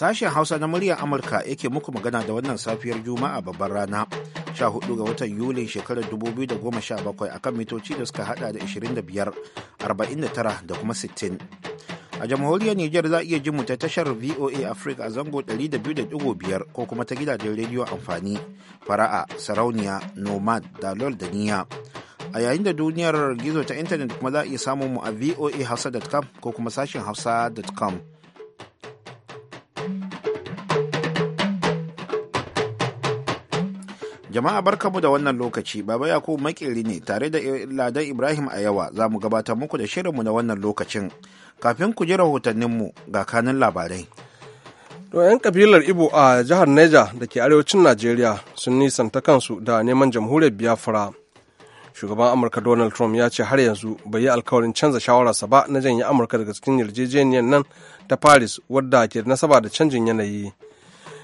Sashen Hausa na muryar Amurka yake muku magana da wannan safiyar Juma'a babbar rana 14 ga watan Yulin shekarar 2017 akan mitoci da suka hada da 25, 49 da kuma 60. A jamhuriyar Nijar za a iya jin mu ta tashar VOA Africa a zango 200.5 ko kuma ta gidajen rediyo amfani fara'a, sarauniya, nomad, dalol da niya. A yayin da duniyar gizo ta intanet kuma za a iya samun mu a voa hausa.com ko kuma sashen hausa.com. Jama'a barkamu da wannan lokaci, Baba Yakubu makeri ne tare da Ladan Ibrahim a yawa za mu gabatar muku da shirinmu na wannan lokacin. Kafin ku ji rahotanninmu ga kanin labarai. To 'yan kabilar Ibo a jihar Niger da ke arewacin Najeriya sun nisanta kansu da neman jamhuriyar Biafra. Shugaban Amurka Donald Trump ya ce har yanzu bai yi alkawarin canza shawararsa ba na janye Amurka daga cikin yarjejeniyar nan ta Paris wadda ke da nasaba da canjin yanayi.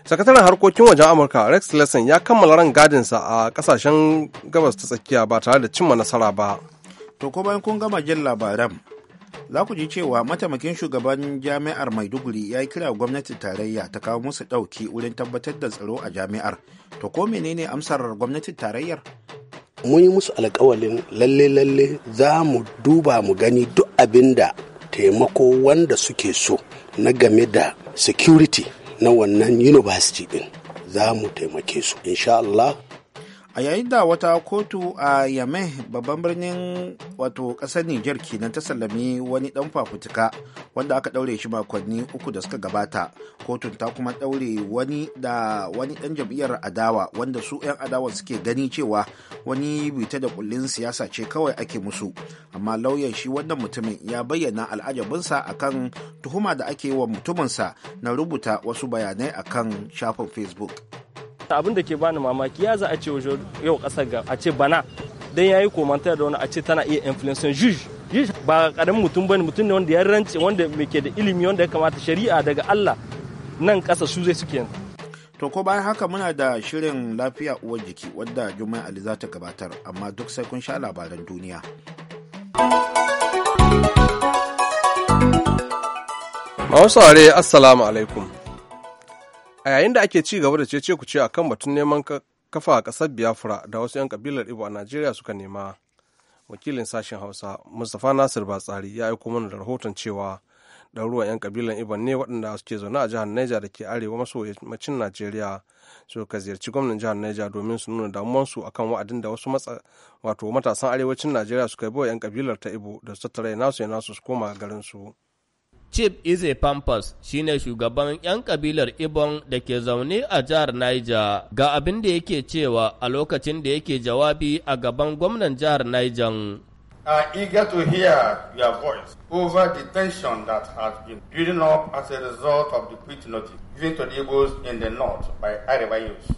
sakataren harkokin wajen amurka rex tillerson ya kammala ran gadinsa a kasashen gabas ta tsakiya ba tare da cimma nasara ba to ko bayan kun gama jin labaran za ku ji cewa mataimakin shugaban jami'ar maiduguri ya yi kira gwamnati tarayya ta kawo musu ɗauki wurin tabbatar da tsaro a jami'ar to ko menene amsar gwamnatin tarayyar mun yi musu alkawalin lalle lalle za mu duba mu gani duk abinda taimako wanda suke so na game da security na wannan university din za mu taimake su insha Allah a yayin da wata kotu a yame babban birnin wato ƙasar nijar kenan ta sallami wani dan fafutuka wanda aka daure shi makonni uku da suka gabata kotun ta kuma daure wani da wani dan jam'iyyar adawa wanda su 'yan adawa suke gani cewa wani bita da kullin siyasa ce kawai ake musu amma lauyan shi wannan mutumin ya bayyana al'ajabinsa akan tuhuma da ake yi wa mutuminsa na rubuta wasu bayanai akan shafin facebook ta abin da ke bani mamaki ya za a ce yau kasar ga a ce bana dan yayi komantar da wani a ce tana iya influence juge juge ba karamin mutum bane mutum ne wanda ya rance wanda ke da ilimi wanda ya kamata shari'a daga Allah nan kasa su zai suke to ko bayan haka muna da shirin lafiya uwar jiki wadda juma'a ali za ta gabatar amma duk sai kun sha labaran duniya a assalamu alaikum a yayin da ake ci gaba da cece ku ce akan batun neman kafa a ƙasar biafra da wasu 'yan kabilar ibo a najeriya suka nema wakilin sashen hausa mustapha nasir batsari ya aiko mana da rahoton cewa ɗaruwa 'yan kabilar ibo ne waɗanda suke zaune a jihar niger da ke arewa maso yammacin najeriya suka ziyarci gwamnan jihar niger domin su nuna damuwansu akan wa'adin da wasu wato matasan arewacin najeriya suka yi wa 'yan kabilar ta ibo da su tattara nasu ya nasu su koma garin su Chief Ize Pampas shine shugaban 'yan kabilar Ibon da ke zaune a jihar Niger ga abin da yake cewa a lokacin da yake jawabi a gaban gwamnan jihar Niger. are eager to hear your voice over the tension that has been building up as a result of the quit notice given to the Igbos in the north by youth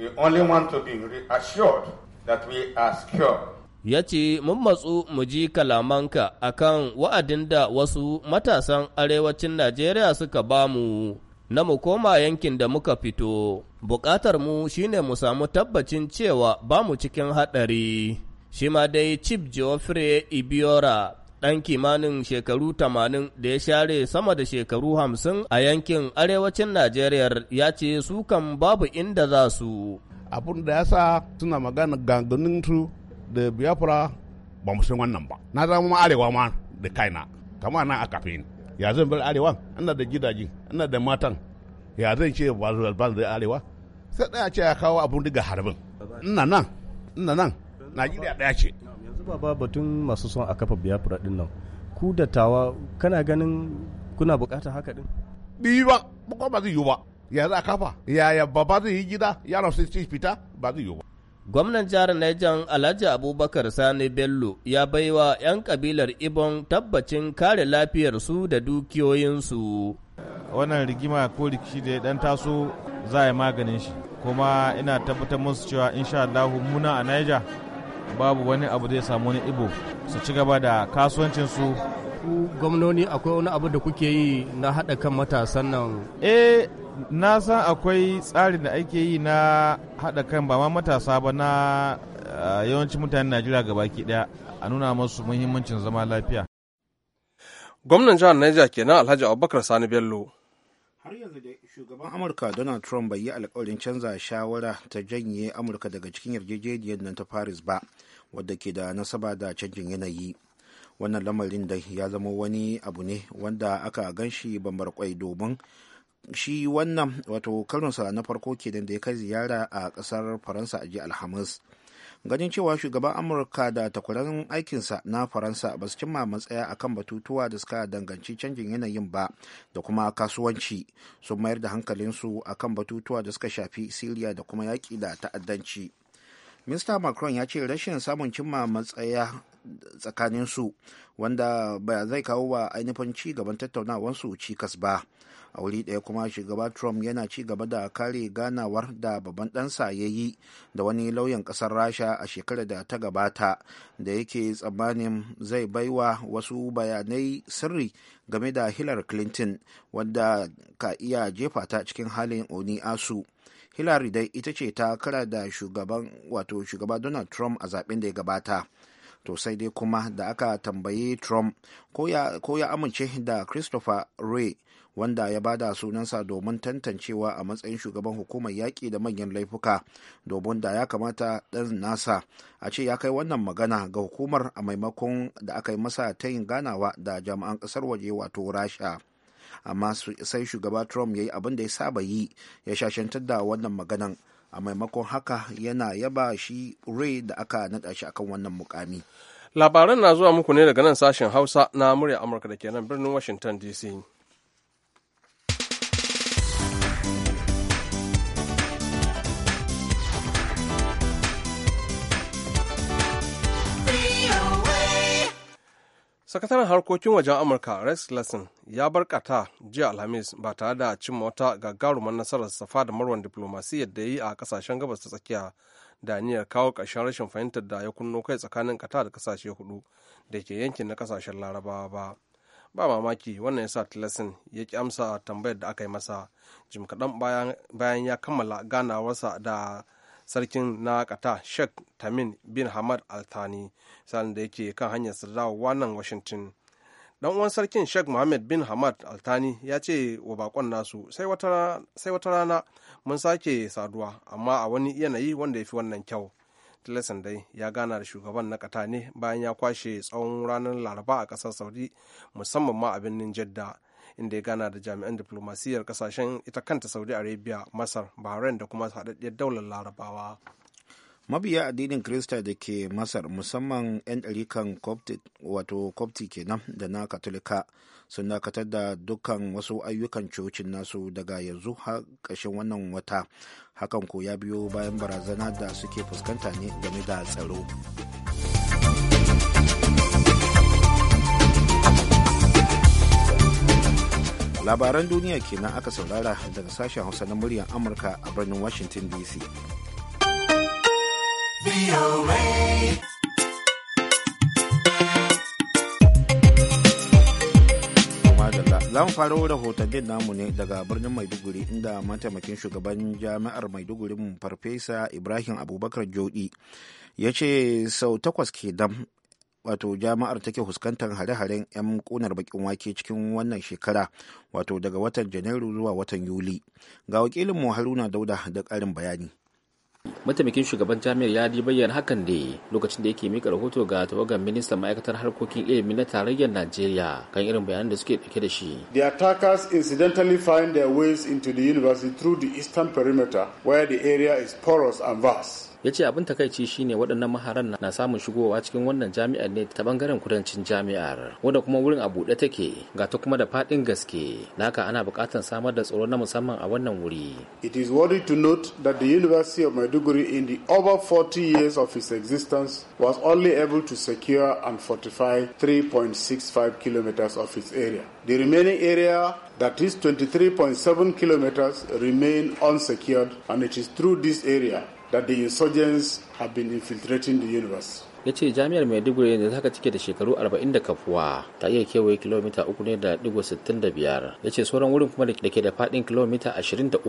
We only want to be reassured that we are secure ya ce mun matsu mu ji kalamanka akan wa'adin da wasu matasan arewacin Najeriya suka ba mu na mu koma yankin da muka fito. buƙatar mu shine mu samu tabbacin cewa ba mu cikin haɗari. Shi ma dai Chief Geoffrey Ibiora ɗan kimanin shekaru tamanin da ya share sama da shekaru hamsin a yankin arewacin Najeriya ya ce su kan babu inda za su. Abun da ya sa suna magana ganganinsu da biyafura ba mu san wannan ba na zama ma arewa ma da kaina kama na a kafin ya zan bar arewa ina da gidaje ina da matan ya zan ce ba ba da arewa sai daya ce ya kawo abun diga harbin ina nan ina nan najeriya daya ce yanzu ba batun masu son a kafa biyafura din nan ku da tawa kana ganin kuna bukata haka din biyu ba ba ba zai yi ba ya za a kafa ya ya ba ba zai yi gida yaran sai fita ba zai yi ba Gwamnan jihar Niger Alhaji Abubakar Sani Bello ya baiwa 'yan kabilar Ibon tabbacin kare lafiyarsu da dukiyoyinsu. Wannan rigima ko rikici da ya dan taso za a yi maganin shi, kuma ina tabbatar musu cewa insha Allah muna a Niger babu wani abu zai samu wani Ibo su ci gaba da kasuwancinsu. Gwamnoni akwai wani abu da kuke yi na haɗa kan matasan nan? Eh, na san akwai tsarin da ake yi na haɗa kan ba ma matasa ba na eh, yawancin mutanen najeriya gabaki ɗaya a nuna masu muhimmancin zama lafiya gwamnan jihar niger kenan alhaji abubakar sani bello har yanzu da shugaban amurka donald trump bai yi alkawarin canza shawara ta janye amurka daga cikin yarjejeniyar nan ta paris ba wadda ke da nasaba da canjin yanayi wannan lamarin da ya zama wani abu ne wanda aka ganshi bambar kwai domin shi wannan wato karinsa na farko kenan da ya kai ziyara a kasar faransa a jiya alhamis ganin cewa shugaban amurka da takwaran aikinsa na faransa ba su cimma matsaya a kan batutuwa da suka danganci canjin yanayin ba da kuma kasuwanci sun mayar da hankalinsu a kan batutuwa da suka shafi siriya da kuma yaƙi da ta'addanci mista macron ya ce rashin samun cimma matsaya tsakanin su wanda ba zai kawo wa ainihin ci gaban tattaunawarsu cikas ba a wuri ɗaya kuma shugaba trump yana ci gaba da kare ganawar da babban ɗansa ya yi da wani lauyan ƙasar rasha a shekarar da ta gabata da yake tsammanin zai baiwa wasu bayanai sirri game da hillary clinton wadda ka iya jefa ta cikin halin oni asu hillary dai ita ce ta kara da wato shugaba donald trump a zaben da ya gabata to sai dai kuma da aka tambayi trump ko ya amince da christopher ray wanda ya bada sunansa domin tantancewa a matsayin shugaban hukumar yaƙi da manyan laifuka domin da ya kamata ɗan nasa a ce ya kai wannan magana ga hukumar a maimakon da aka yi masa ta yin ganawa da jami'an ƙasar waje wato rasha amma sai shugaba trump ya yi abin da ya saba yi ya shashantar da wannan maganan a maimakon haka yana yaba shi ray da aka naɗa shi akan wannan mukami labaran na zuwa muku ne daga nan sashen hausa na murya amurka da ke nan birnin washington dc sakataren harkokin wajen amurka rex lesson ya barkata jiya alhamis ba tare da cimma wata gagarumar nasarar safa da marwan diplomasiyyar da yi a kasashen gabas ta tsakiya da niyyar kawo ƙarshen rashin fahimtar da ya kunno kai tsakanin kata da kasashe hudu da ke yankin na kasashen larabawa ba ba mamaki wannan yasa tilasin ya ki amsa tambayar da aka yi masa jim kaɗan bayan ya kammala ganawarsa da sarkin na kata sheikh tamim bin hamad altani sa'an da yake kan hanyar dawowa nan washington dan uwan sarkin sheikh mohammed bin hamad altani ya ce wa bakon nasu sai wata rana mun sake saduwa amma a wani yanayi wanda ya fi wannan kyau tilasan dai ya gana da shugaban na kata ne bayan ya kwashe tsawon ranar laraba a kasar saudi musamman ma a birnin jeddah inda ya gana da jami'an diplomasiyyar kasashen ita kanta saudi arabia masar bahrain da kuma haɗaɗɗiyar daular larabawa mabiya addinin krista da ke masar musamman 'yan ɗarikan wato ke kenan da na katolika sun dakatar da dukkan wasu ayyukan cocin nasu daga yanzu har ƙarshen wannan wata hakan ko ya biyo bayan barazana da suke fuskanta ne game da tsaro labaran duniya kenan aka saurara daga sashen hausa na muryar amurka a birnin washington dc za mu faro rahotannin namu ne daga birnin maiduguri inda mataimakin shugaban jami'ar maiduguri farfesa ibrahim abubakar jodi ya ce sau takwas ke dam wato jama'ar take fuskantar hare-haren 'yan kunar bakin wake cikin wannan shekara wato daga watan janairu zuwa watan yuli ga wakilin wakilinmu haruna dauda da karin bayani matamakin shugaban jami'ar ya di bayyana hakan ne lokacin da yake mika rahoto ga tawagar ministan ma'aikatar harkokin ilimi na tarayyar najeriya kan irin bayanan da suke dauke da shi the attackers incidentally find their ways into the university through the eastern perimeter where the area is porous and vast ya ce abin takaici shine waɗannan maharan na samun shigowa cikin wannan jami'ar ne ta bangaren kudancin jami'ar wanda kuma wurin a buɗe take ga ta kuma da faɗin gaske da haka ana buƙatar samar da tsaro na musamman a wannan wuri it is worthy to note that the university of maiduguri in the over 40 years of its existence was only able to secure and fortify 3.65 kilometers of its area the remaining area that is 23.7 kilometers remain unsecured and it is through this area that the insurgents have been infiltrating the universe. ya ce jami'ar maiduguri za haka cike da shekaru 40 da kafuwa ta iya kewaye kilomita uku ne da digo 65 ya ce sauran wurin kuma da ke da faɗin kilomita 23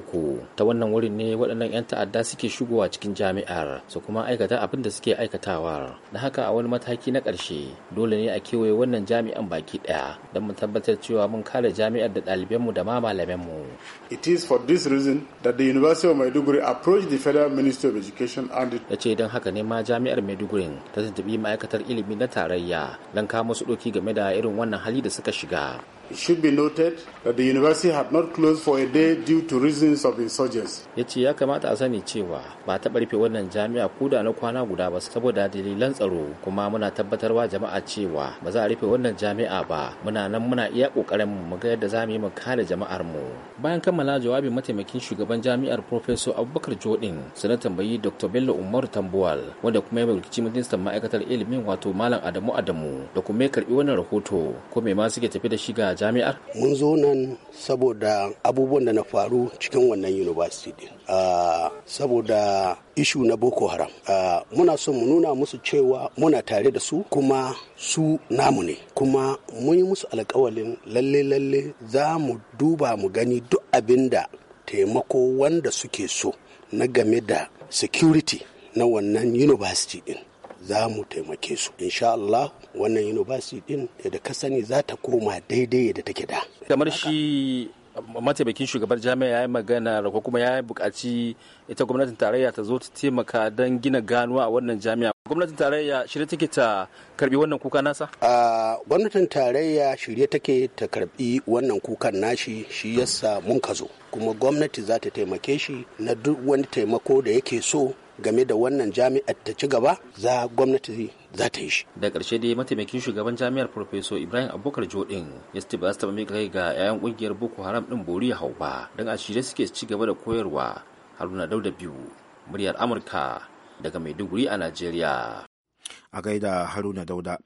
ta wannan wurin ne waɗannan 'yan ta'adda suke shigowa cikin jami'ar su kuma aikata abin da suke aikatawa na haka a wani mataki na ƙarshe dole ne a kewaye wannan jami'an baki ɗaya don mu tabbatar cewa mun kare jami'ar da ɗalibanmu da ma malamanmu. It is for this reason that the University of Maiduguri approached the Federal Ministry of Education and ya ce don haka ne ma jami'ar Maiduguri ta ta tuntubi ma'aikatar ilimi na tarayya don kawo musu ɗoki game da irin wannan hali da suka shiga It should be noted that the university had not closed for a day due to reasons of insurgents. Ya ce ya kamata a sani cewa ba ta rufe wannan jami'a kuda na kwana guda ba saboda dalilan tsaro kuma muna tabbatarwa jama'a cewa ba za a rufe wannan jami'a ba muna nan muna iya kokarin mu ga yadda za mu yi mu kare jama'ar mu. Bayan kammala jawabin mataimakin shugaban jami'ar Professor Abubakar Jodin sanar tambayi Dr. Bello Umar Tambuwal wanda kuma ya mulki ministan ma'aikatar ilimin wato Malam Adamu Adamu da kuma ya karbi wannan rahoto ko me ma suke tafi da shiga. jami'ar? Mun zo nan saboda abubuwan da na faru cikin wannan university din. Ah, saboda ishu na Boko Haram. Ah, muna son mu nuna musu cewa muna tare da su kuma su namu ne. Kuma mun yi musu alkawalin lalle-lalle za mu duba mu gani duk abin da taimako wanda suke so na game da security na wannan university din. za mu taimake su insha Allah wannan university din da ka sani za ta koma daidai da take da kamar shi mataimakin shugabar jami'a ya yi magana ko kuma ya buƙaci ita gwamnatin tarayya ta zo ta taimaka don gina ganuwa a wannan jami'a gwamnatin tarayya shirye take ta karbi wannan kuka nasa? a gwamnatin tarayya shirye take ta karbi wannan kukan nashi shi yasa mun ka zo kuma gwamnati za ta taimake shi na duk wani taimako da yake so game da wannan jami'ar ta ci gaba za gwamnati za ta yi shi. Da ƙarshe dai mataimakin shugaban jami'ar Profesor Ibrahim Abubakar Jodin ya ce ba za su taɓa mika kai ga 'ya'yan ƙungiyar Boko Haram ɗin bori ya hau ba don a shirye suke ci gaba da koyarwa Haruna Dauda biyu muryar Amurka daga Maiduguri a Najeriya. A gaida Haruna Dauda.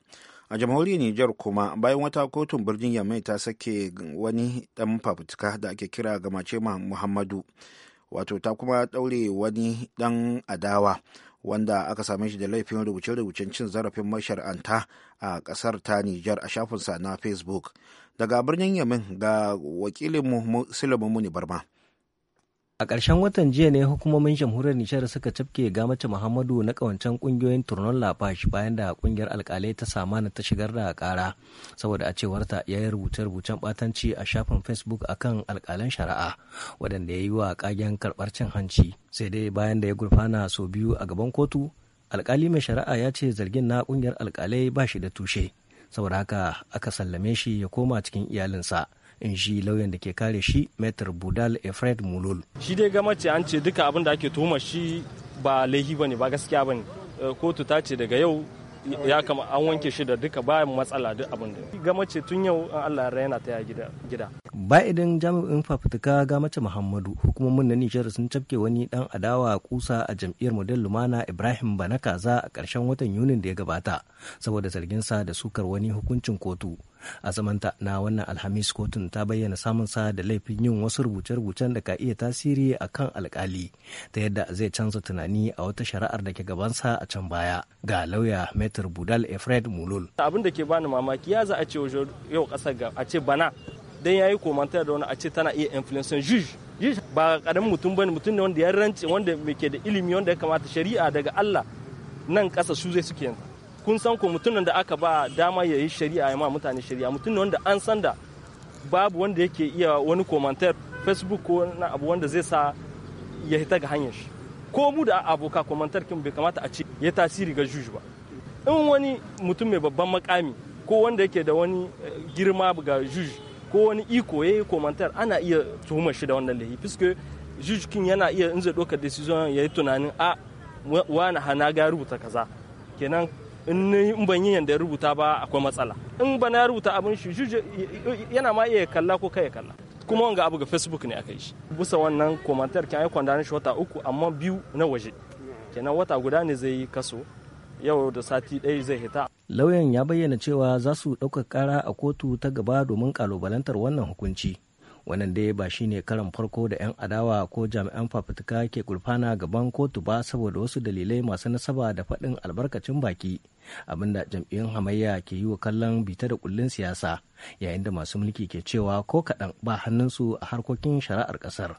a jamhuriyar Nijar kuma bayan wata kotun birnin Yamai ta sake wani dan fafutuka da ake kira gamace Muhammadu wato ta kuma ɗaure wani ɗan adawa wanda aka same shi da laifin rubuce-rubucen cin zarafin mashar'anta a ƙasar ta Nijar a shafinsa na Facebook. Daga birnin Yamin ga wakilin Muni Barma. A ƙarshen watan jiya ne hukumomin jamhuriyar Nijar suka cafke gamace Muhammadu na ƙawancen ƙungiyoyin turnon lafash bayan da ƙungiyar alƙalai ta samana ta shigar da ƙara saboda a cewarta ya yi rubuce-rubucen ɓatanci a shafin Facebook akan alƙalan shari'a waɗanda ya yi wa ƙagen karɓar cin hanci. Sai dai bayan da ya gurfana sau biyu a gaban kotu, alƙali mai shari'a ya ce zargin na ƙungiyar alƙalai ba shi da tushe. Saboda haka aka sallame shi ya koma cikin iyalinsa. in shi lauyan da ke kare shi metr budal efred mulol shi dai mace an ce duka abin da ake tuhuma shi ba laihi ne ba gaskiya bane eh, kotu ta ce daga yau ya kama an wanke shi da duka ba matsala duk abin da gamace tun yau an Allah yana ta gida gida ba idan jami'in fafutuka gamace Muhammadu hukumomin na Nijar sun cafke wani dan adawa kusa a jam'iyyar model Lumana Ibrahim Banakaza a karshen watan Yunin da ya gabata saboda zargin sa da sukar wani hukuncin kotu a zamanta na wannan alhamis kotun ta bayyana samun sa da laifin yin wasu rubuce-rubucen da ka iya tasiri a kan alkali ta yadda zai canza tunani a wata shari'ar da ke gabansa a can baya ga lauya metr budal efred mulul abin da ke bani mamaki ya za a ce yau kasar ga a ce bana dan yayi komantar da wani a ce tana iya influencing juge juge ba karamin mutum bane mutum ne wanda ya rance wanda ke da ilimi wanda ya kamata shari'a daga Allah nan kasa su zai suke yanta kun san ko mutumin da aka ba dama ya yi shari'a ya ma mutane shari'a mutum wanda an san da babu wanda yake iya wani komantar facebook ko na abu wanda zai sa ya hita ga hanyar shi ko mu da aboka komantar kin bai kamata a ce ya tasiri ga juju ba in wani mutum mai babban makami ko wanda yake da wani eh, girma ga juju ko wani iko ya yi komantar ana iya tuhumar shi da wannan laifi fiske juju kin yana iya in zai ɗaukar decision ya yi tunanin ah, a wani hana ga rubuta kaza kenan in ban yi ya rubuta ba akwai matsala in ba na rubuta abin shi yana ma iya kalla ko kai kalla kuma wanga abu ga facebook ne aka yi shi bisa wannan komantar kyan yi kwandanin shi wata uku amma biyu na waje kenan wata guda ne zai yi kaso yau da sati ɗaya zai hita lauyan ya bayyana cewa za su ɗaukar ƙara a kotu ta gaba domin ƙalubalantar wannan hukunci wannan dai ba shine karan farko da 'yan adawa ko jami'an fafutuka ke gurfana gaban kotu ba saboda wasu dalilai masu nasaba da faɗin albarkacin baki abinda jam'iyyun hamayya ke yi wa kallon bita da kullun siyasa yayin da masu mulki ke cewa ko kaɗan ba hannunsu a harkokin shari'ar ƙasar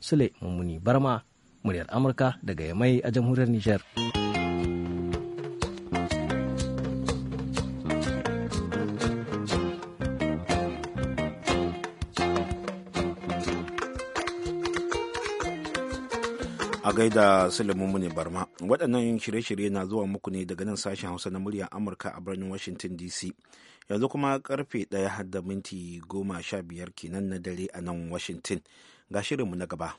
sule mummuni barma muryar amurka daga yamai a jamhuriyar nijar. a gaida Sulaiman Muni Barma. Waɗannan shirye-shirye na zuwa muku ne daga nan sashen Hausa na murya Amurka a birnin Washington DC. Yanzu kuma karfe ɗaya da minti goma sha biyar kenan na dare a nan Washington. Ga shirinmu na gaba.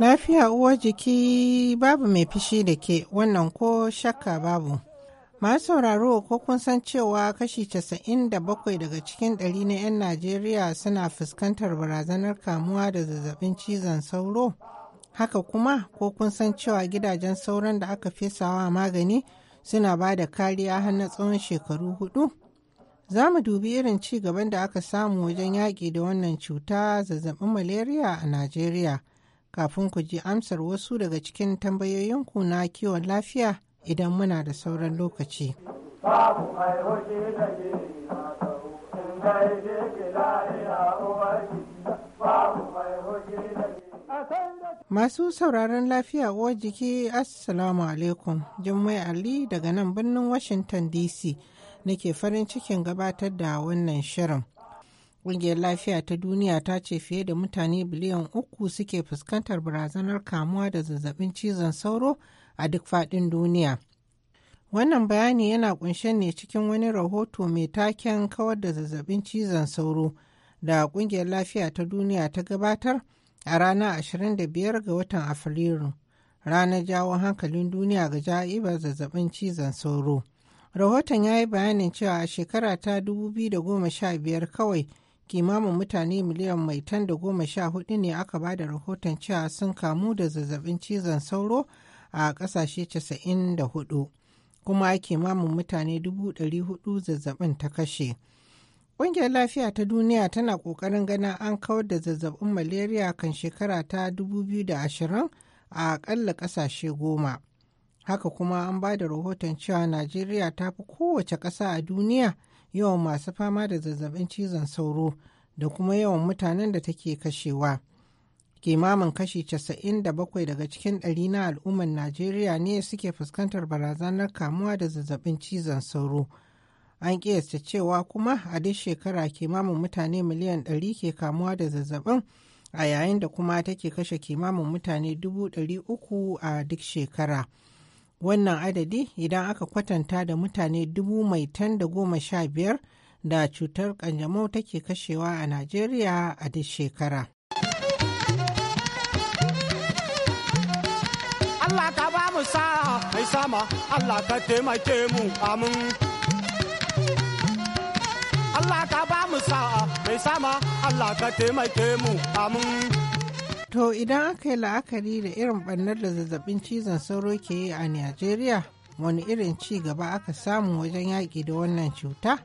Lafiya uwar jiki babu mai fishi da ke wannan ko shakka babu. Masu sauraro ko kun san cewa kashi 97 daga cikin ɗari na 'yan Najeriya suna fuskantar barazanar kamuwa da zazzabin cizon sauro. Haka kuma ko kun san cewa gidajen sauran da aka fesawa magani suna ba da kariya har na tsawon shekaru hudu? Za mu dubi irin ci gaban da aka samu wajen yaƙi da wannan cuta zazzabin malaria a Najeriya. Kafin ku ji amsar wasu daga cikin tambayoyinku na kiwon lafiya. idan muna da sauran lokaci. Masu sauraron lafiya uwar jiki Assalamu alaikum Jummai Ali daga nan birnin Washington DC nake farin cikin gabatar da wannan shirin. Ƙungiyar lafiya ta duniya ta ce fiye da mutane biliyan uku suke fuskantar barazanar kamuwa da zazzabin cizon sauro a duk faɗin duniya. Wannan bayani yana kunshe ne cikin wani rahoto mai taken kawar da zazzabin cizon sauro da ƙungiyar lafiya ta duniya ta gabatar a ranar 25 ga watan Afrilu, ranar jawo hankalin duniya ga ja'ibar zazzabin cizon sauro. Rahoton ya yi bayanin cewa a shekara ta 2015 kawai kimamin mutane miliyan mai tan da goma sha hudu ne aka ba da rahoton cewa sun kamu da zazzabin cizon sauro a ƙasashe 94 kuma ake mamun mutane 400 zazzabin ta kashe. Ƙungiyar Lafiya ta Duniya tana ƙoƙarin ganin an kawar da zazzabin malaria kan shekara ta 2020 a ƙalla ƙasashe goma. Haka kuma an ba da rahoton cewa Najeriya ta fi kowace ƙasa a duniya yawan masu fama da zazzabin cizon sauro da kuma yawan mutanen da take kashewa. kimamin kashi 97 daga cikin ɗari na al'ummar najeriya ne suke fuskantar barazanar kamuwa da zazzabin cizon sauro an kiyasta cewa kuma a duk shekara kimamin mutane miliyan 100 ke kamuwa da zazzabin a yayin da kuma take kashe kimamin mutane 300 a duk shekara wannan adadi idan aka kwatanta da mutane dubu mai tan da goma sha biyar da cutar kanjamau take kashewa a najeriya a duk shekara mu sa mai sama Allah ka taimake mu amin. Allah ka ba mu sa mai sama Allah ka taimake mu amin. To idan aka yi la'akari da irin ɓannar da zazzabin cizon sauro ke yi a Najeriya, wani irin ci gaba aka samu wajen yaƙi da wannan cuta?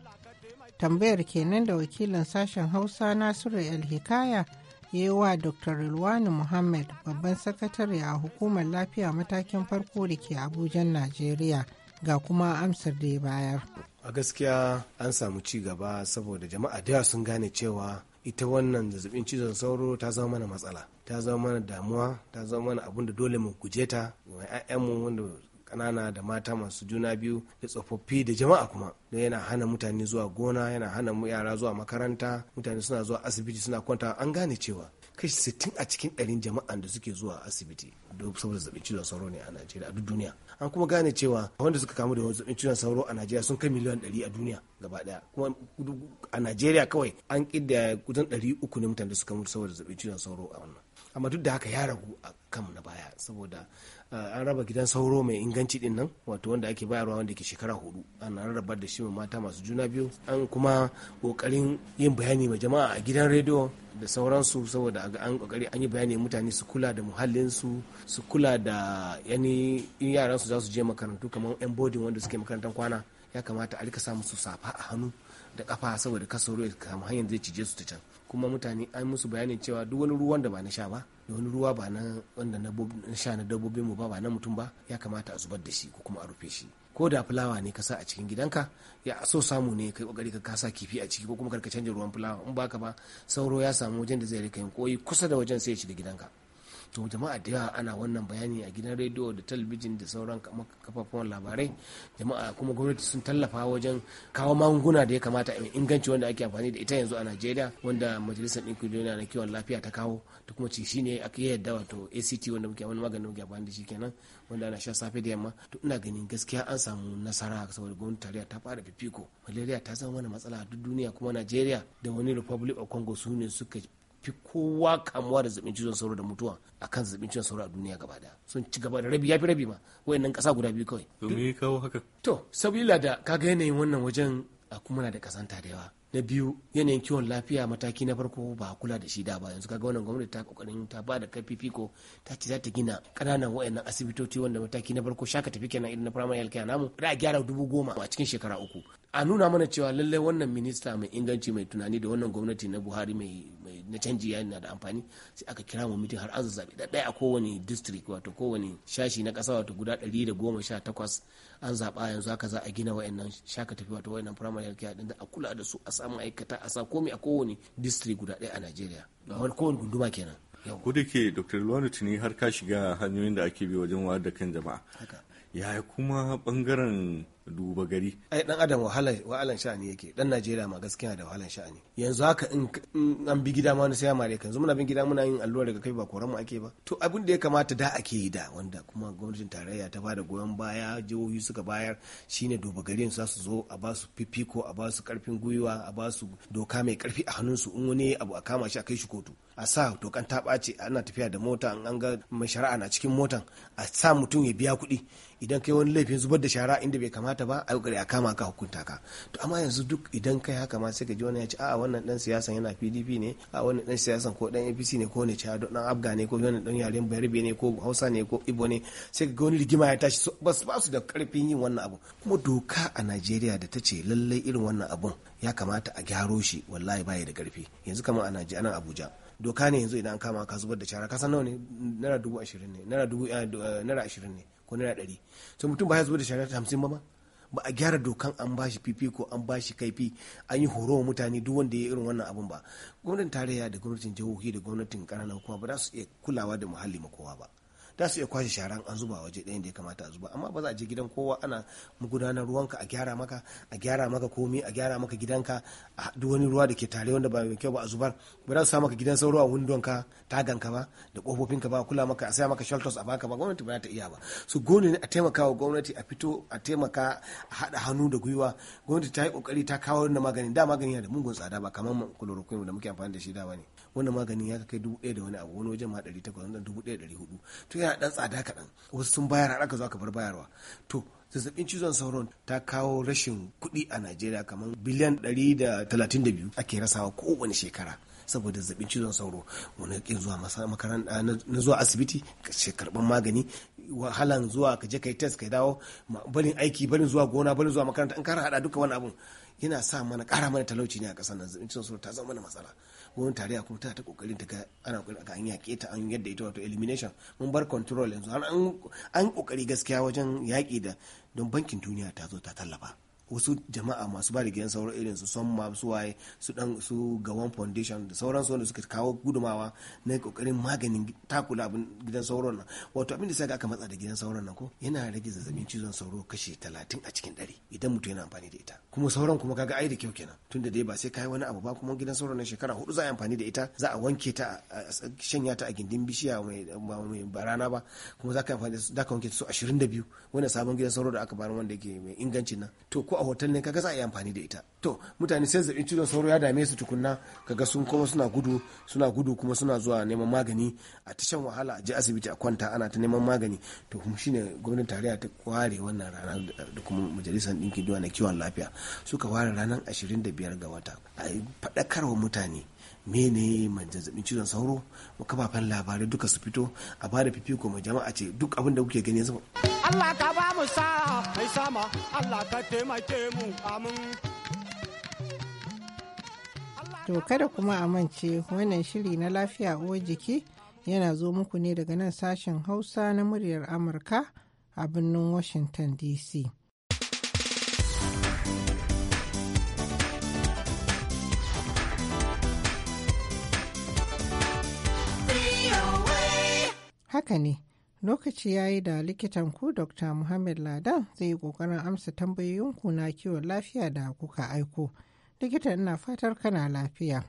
Tambayar kenan da wakilin sashen Hausa Nasiru Alhikaya. Hikaya ya yi wa dr Rilwani muhammad babban sakatare a hukumar lafiya matakin farko da ke abujan najeriya ga kuma amsar da ya bayar a gaskiya an samu ci gaba saboda jama'a da sun gane cewa ita wannan zazzabin cizon sauro ta zama mana matsala ta zama mana damuwa ta zama mana abun da dole mu guje ta 'ya'yanmu wanda kanana da mata masu juna biyu da tsofaffi da jama'a kuma don yana hana mutane zuwa gona yana hana yara zuwa makaranta mutane suna zuwa asibiti suna kwanta an gane cewa kashi sittin a cikin ɗarin jama'an da suke zuwa asibiti saboda zaɓin cizon sauro ne a najeriya a duk duniya an kuma gane cewa wanda suka kamu da zaɓin cizon sauro a najeriya sun kai miliyan ɗari a duniya gaba ɗaya kuma a najeriya kawai an ƙidda kusan ɗari uku ne mutane da suka mutu saboda zaɓin cizon sauro a wannan amma duk da haka ya ragu a kan na baya saboda eh, an raba gidan sauro mai inganci din nan wato wanda ake bayarwa wanda ke shekara hudu an rarrabar da shi mata masu juna biyu an kuma kokarin yin bayani ma jama'a a gidan rediyo da sauransu saboda an kokari an yi bayani mutane su kula da muhallinsu su kula da yani in yaran su za su je makarantu kamar yan bodin wanda suke makarantar kwana ya kamata a rika sa musu safa a hannu da kafa saboda kasoro ya kama hanyar zai cije su ta can kuma mutane an musu bayanin cewa duk wani ruwan da ba na sha ba da wani ruwa ba na wanda na sha na dabbobin mu ba ba na mutum ba ya kamata a zubar da shi ko kuma a rufe shi ko da fulawa ne ka sa a cikin gidanka ya so samu ne kai kokari ka kasa kifi a ciki ko kuma karka canja ruwan fulawa in baka ba sauro ya samu wajen da zai rika yin koyi kusa da wajen sai ya shiga gidanka to jama'a da yawa ana wannan bayani a gidan rediyo da talabijin da sauran kafafen labarai jama'a kuma gwamnati sun tallafa wajen kawo magunguna da ya kamata a inganci wanda ake amfani da ita yanzu a najeriya wanda majalisar ɗinkin duniya na kiwon lafiya ta kawo ta kuma ci ne aka yi yadda wato act wanda muke wani maganin muke amfani da shi kenan wanda ana sha safe da yamma to ina ganin gaskiya an samu nasara saboda gwamnati tarayya ta fara fifiko malaria ta zama wani matsala a duk duniya kuma najeriya da wani republic of congo su ne suka fi kowa kamuwa da zaɓin cizon sauro da mutuwa a kan zaɓin cizon sauro a duniya gaba da sun ci gaba da rabi ya fi rabi ma wayannan ƙasa guda biyu kawai to me kawo haka to sabila da kaga yanayin wannan wajen a kuma na da kasanta da yawa na biyu yanayin kiwon lafiya mataki na farko ba a kula da shi da ba yanzu kaga wannan gwamnati ta kokarin ta ba da karfi fiko ta ce za ta gina kananan wayannan asibitoci wanda mataki na farko shaka tafi kenan irin na primary health care namu da a gyara dubu goma a cikin shekara uku a nuna mana cewa lallai wannan minista mai inganci mai tunani da wannan gwamnati na buhari mai na canji ya na da amfani sai aka kira mu mitin har an zazzabe da ɗaya a kowane district wato kowane shashi na kasa wato guda ɗari da goma sha takwas an zaɓa yanzu haka za a gina wa'annan shaka tafi wato wa'annan primary health care da a kula da su a samu aikata a sa komai a kowane district guda ɗaya a Najeriya kowane gunduma kenan. Ko da ke Dr. Luwani Tuni har ka shiga hanyoyin da ake bi wajen wayar da kan jama'a. Yaya kuma bangaren duba gari ai dan adam wahalan sha'ani yake dan najeriya ma gaskiya da wahalan sha'ani yanzu haka in an bi gida ma wani sai mare kan muna bin gida muna yin allura daga kai ba koran mu ake ba to abin da ya kamata da ake yi da wanda kuma gwamnatin tarayya ta bada goyon baya jihohi suka bayar shine duba gari za su zo a ba su fifiko a ba su karfin gwiwa a ba su doka mai karfi a hannun su in wani abu a kama shi a kai shi kotu a sa dokan ta ɓace ana tafiya da mota an ga mai shari'a na cikin motan a sa mutum ya biya kuɗi idan kai wani laifin zubar da shara inda bai kamata kamata ba a kokari a kama ka hukunta ka to amma yanzu duk idan kai haka ma sai ka ji wani ya ce a wannan dan siyasan yana PDP ne a wannan dan siyasan ko dan APC ne ko ne ce dan Abga ne ko wannan dan yaren Bayarbe ne ko Hausa ne ko Ibo ne sai ka ga wani rigima ya tashi ba su da karfin yin wannan abu kuma doka a Najeriya da ta ce lallai irin wannan abun ya kamata a gyaro shi wallahi baya da karfi yanzu kamar a Najeriya nan Abuja doka ne yanzu idan an kama ka zubar da shara ka san nawa ne naira dubu ashirin ne naira dubu eh, naira ashirin ne ko naira ɗari to mutum ba ya zubar da shara ta hamsin ba ma ba a gyara dokan an ba bashi ko an ba shi kaifi an yi horo wa mutane duk wanda ya irin wannan abun ba gwamnatin tarayya da gwamnatin jihohi da gwamnatin ƙananan kuma ba za su iya kulawa da muhalli ma kowa ba da su iya kwashe sharan an zuba waje ɗayan da ya kamata a zuba amma ba za a je gidan kowa ana gudanar ruwanka a gyara maka a gyara maka komi a gyara maka gidanka a duk wani ruwa da ke tare wanda ba mai kyau ba a zubar ba za su sa maka gidan sauro a windonka taganka ba da kofofinka ba kula maka a saya maka shelters a baka ba gwamnati ba za ta iya ba su gone ne a taimaka wa gwamnati a fito a taimaka a haɗa hannu da gwiwa gwamnati ta yi kokari ta kawo wannan magani da magani yana da mugun tsada ba kamar chloroquine da muke amfani da shi da ba ne wannan maganin ya kai dubu ɗaya da wani abu wani wajen ma ɗari takwas wani dubu ɗaya ɗari hudu to yana ɗan tsada kaɗan wasu sun bayar har aka zo aka bar bayarwa to zazzabin cizon sauron ta kawo rashin kuɗi a najeriya kamar biliyan ɗari da talatin da biyu ake rasawa kowane shekara saboda zazzabin cizon sauro wani kin zuwa makaranta na zuwa asibiti karban magani wahalan zuwa ka je kai test kai dawo barin aiki barin zuwa gona barin zuwa makaranta in kara hada duka wani abun yana sa mana ƙara mana talauci ne a ƙasar nan zazzabin cizon sauro ta zama mana matsala gwamnatin tarayya kuma ta ta kokarin ta ana kokarin ka an yaƙe ta an yadda ita wato elimination mun bar control yanzu an kokari gaskiya wajen yaƙi da don bankin duniya ta zo ta tallafa wasu jama'a masu ba da gidan sauran irin su son ma su waye su dan su gawan foundation da sauran su suka kawo gudumawa na kokarin maganin takula abin gidan sauran nan wato abin da sai aka matsa da gidan sauran nan ko yana rage zazzabin cizon sauro kashi talatin a cikin ɗari idan mutum yana amfani da ita kuma sauran kuma kaga ai da kyau kenan tunda dai ba sai kai wani abu ba kuma gidan sauran na shekara hudu za a amfani da ita za a wanke ta a shanya ta a gindin bishiya mai barana ba kuma za ka amfani da wanke ta 22 wani sabon gidan sauro da aka bayar wanda yake mai ingancin nan to ko a hotel ne kaga za a yi amfani da ita to mutane sai zazzabin cizon sauro ya dame su tukunna kaga sun kuma suna gudu suna gudu kuma suna zuwa neman magani a tashan wahala a je asibiti a kwanta ana ta neman magani to kuma shine gwamnatin tarayya ta ware wannan rana da kuma majalisar ɗinkin duwa na kiwon lafiya suka ware ranar 25 ga wata a faɗakarwa mutane mene mai zazzabin cizon sauro kafafen labarai duka su fito a bada fifiko mai jama'a ce duk abin da kuke gani yanzu Allah ka ba mu sa mai sama Allah ka taimake mu amin to kada kuma a mance wannan shiri na lafiya uwar jiki yana zo muku ne daga nan sashen hausa na muryar amurka a birnin washington dc haka ne lokaci ya yi da likitan ku dr muhammad ladan zai yi kokarin amsa tambayoyinku na kiwon lafiya da kuka aiko likita ina fatar kana lafiya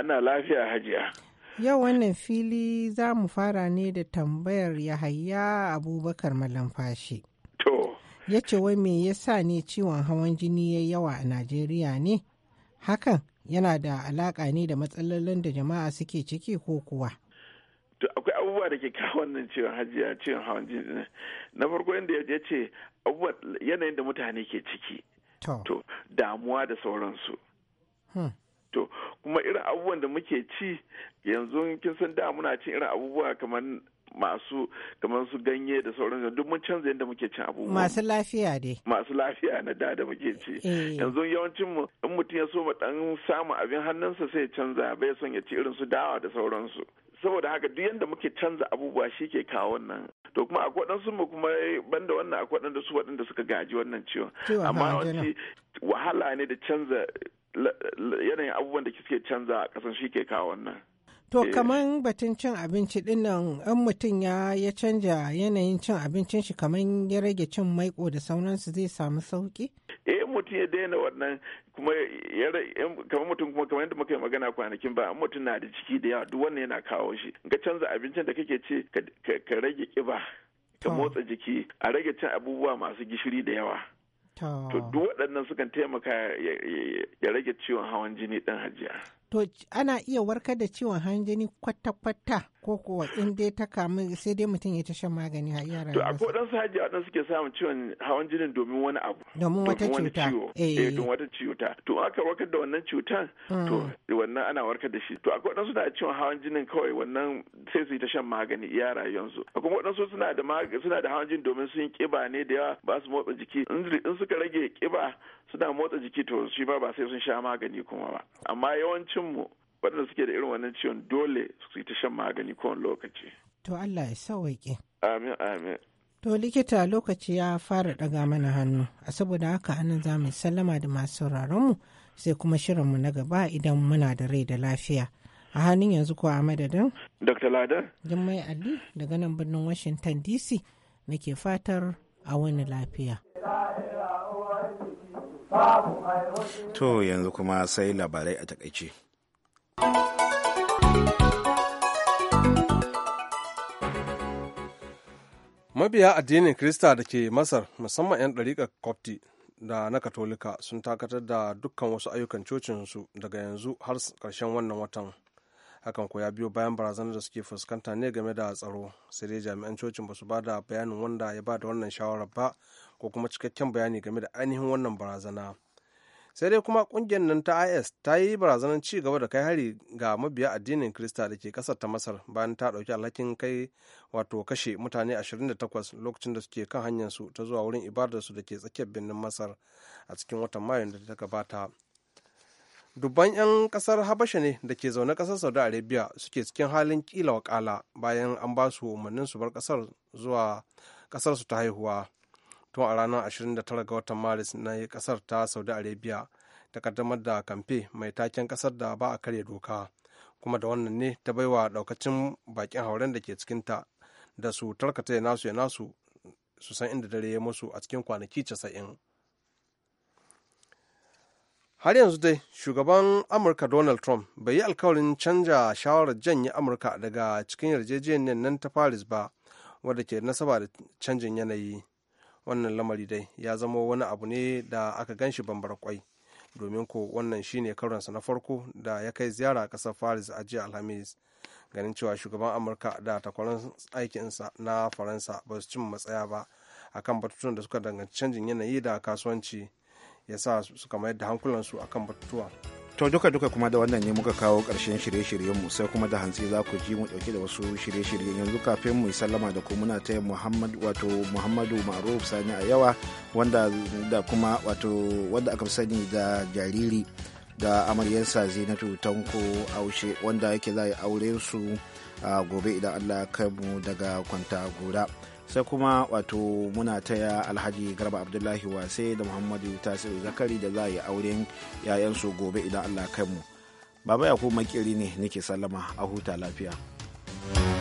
ina lafiya hajiya yau wannan fili za mu fara ne da tambayar yahaya abubakar malamfashi to ya ce wai me yasa ne ciwon hawan jini ya yawa a najeriya ne hakan yana da alaƙa ne da matsalolin da jama'a suke ciki ko kuwa abubuwa da ke kawo wannan ciwon hajiya ciwon hawan jini na farko yadda ya ce abubuwa yanayin da mutane ke ciki to damuwa da sauransu hmm. to kuma irin abubuwan da muke ci yanzu kin san da muna cin irin abubuwa kamar masu kamar su ganye da sauran duk mun canza yadda muke cin abubuwa masu lafiya ne masu lafiya na da da muke ci eh. yanzu yawancin mu in mutum ya so ma dan samu abin hannunsa sai ya canza bai son ya ci irin su dawa da sauransu saboda haka duk yadda muke canza abubuwa shi ke kawo wannan to kuma akwai waɗansu mu kuma banda wannan akwai waɗanda su waɗanda suka gaji wannan ciwon amma wani wahala ne da canza yanayin abubuwan da suke canza a ƙasan shi ke kawo wannan To eh. kaman batun cin abinci din nan an mutum ya ya canja yanayin cin abincin shi kaman ya rage cin maiko da sauransu zai samu sauki? Eh mutum ya daina wannan kuma kamar mutum kuma kamar yadda muka yi magana kwanakin ba mutum na da ciki da yawa duk wannan yana kawo shi. Ga canza abincin da kake ci ka rage kiba ka motsa jiki a rage cin abubuwa masu gishiri da yawa. To duk waɗannan sukan taimaka ya rage ciwon hawan jini ɗin hajiya. to ana iya warkar da ciwon hanjini kwata-kwata ko kuwa in dai ta kamu sai dai mutum ya ta shan magani a yara to akwai wadansu hajiya wadanda suke samun ciwon hawan jinin domin wani abu domin wata cuta eh, eh don wata cuta to aka warkar da wannan cutan to mm. wannan ana warkar da shi to akwai su da ciwon hawan jinin kawai wannan sai su yi ta shan magani iya rayuwarsu akwai wadansu suna da suna da hawan jini domin sun yi kiba ne da yawa ba su motsa jiki in suka rage kiba suna motsa jiki to shi ba ba sai sun sha magani kuma ba amma yawancin mu waɗanda suke da irin wannan ciwon dole su yi ta shan magani kowane lokaci. To Allah ya sauwaƙe. Amin amin. To likita lokaci ya fara ɗaga mana hannu, a saboda haka anan za mu sallama da masu mu sai kuma shirin mu na gaba idan muna da rai da lafiya. A hannun yanzu ko a madadin? Dr. Ladan. Jummai Ali daga nan birnin Washington DC nake fatar a wani lafiya. To yanzu kuma sai labarai a takaice. mabiya addinin krista da ke masar musamman 'yan ɗariƙar kofti da na katolika sun takatar da dukkan wasu ayyukan cocinsu daga yanzu har ƙarshen wannan watan hakan ko ya biyo bayan barazanar da suke fuskanta ne game da tsaro sai dai jami'an cocin ba su ba da bayanin wanda ya ba da wannan shawarar ba ko kuma cikakken bayani game da ainihin wannan barazana sai dai kuma kungiyar nan ta is ta yi barazanar ci gaba da kai hari ga mabiya addinin kirista da ke kasar ta masar bayan ta dauki alhakin kai wato kashe mutane 28 lokacin da suke kan hanyar su ta zuwa wurin su da ke tsakiyar birnin masar a cikin watan mayu da ta gabata dubban 'yan kasar habasha ne da ke zaune kasar saudi arabia suke cikin halin kila wakala bayan an ba su umarnin su bar kasar zuwa kasar su ta haihuwa tun a ranar 29 ga watan maris na kasar ta saudi arabia ta kaddamar da kamfe mai taken kasar da ba a karya doka kuma da wannan ne ta baiwa daukacin bakin hauren da ke cikinta da su tarkata ya nasu ya nasu su san inda dare ya musu a cikin kwanaki casa'in har yanzu dai shugaban amurka donald trump bai yi alkawarin canja shawarar janye amurka daga cikin yarjejeniyar nan ta paris ba wadda ke nasaba da canjin yanayi wannan lamari dai ya zama wani abu ne da aka ganshi bambar kwai domin ko wannan shine karonsa na farko da ya kai ziyara a ƙasar faris a jiya alhamis ganin cewa shugaban amurka da takwaran aikinsa na faransa ba su cin matsaya ba akan batutuwan da suka danganci canjin yanayi da kasuwanci ya sa suka mayar da hankulansu akan batutuwa. to duka duka kuma da wannan ne muka kawo ƙarshen shirye-shiryenmu sai kuma da hantsi za ku ji mu ɗauke da wasu shirye-shiryen yanzu kafin mu sallama da ku muna taya wato muhammadu maruf sani a yawa wanda da kuma wato wanda aka sani da jariri da amaryarsa zinatu tanko aushe wanda yake za a yi aure su a gobe idan allah kai mu daga kwanta gora sai kuma wato muna taya alhaji garba abdullahi wase da muhammadu tasiru zakari da za a yi auren yayansu gobe idan allah kai mu baba yakubu makiri ne nake sallama a huta lafiya.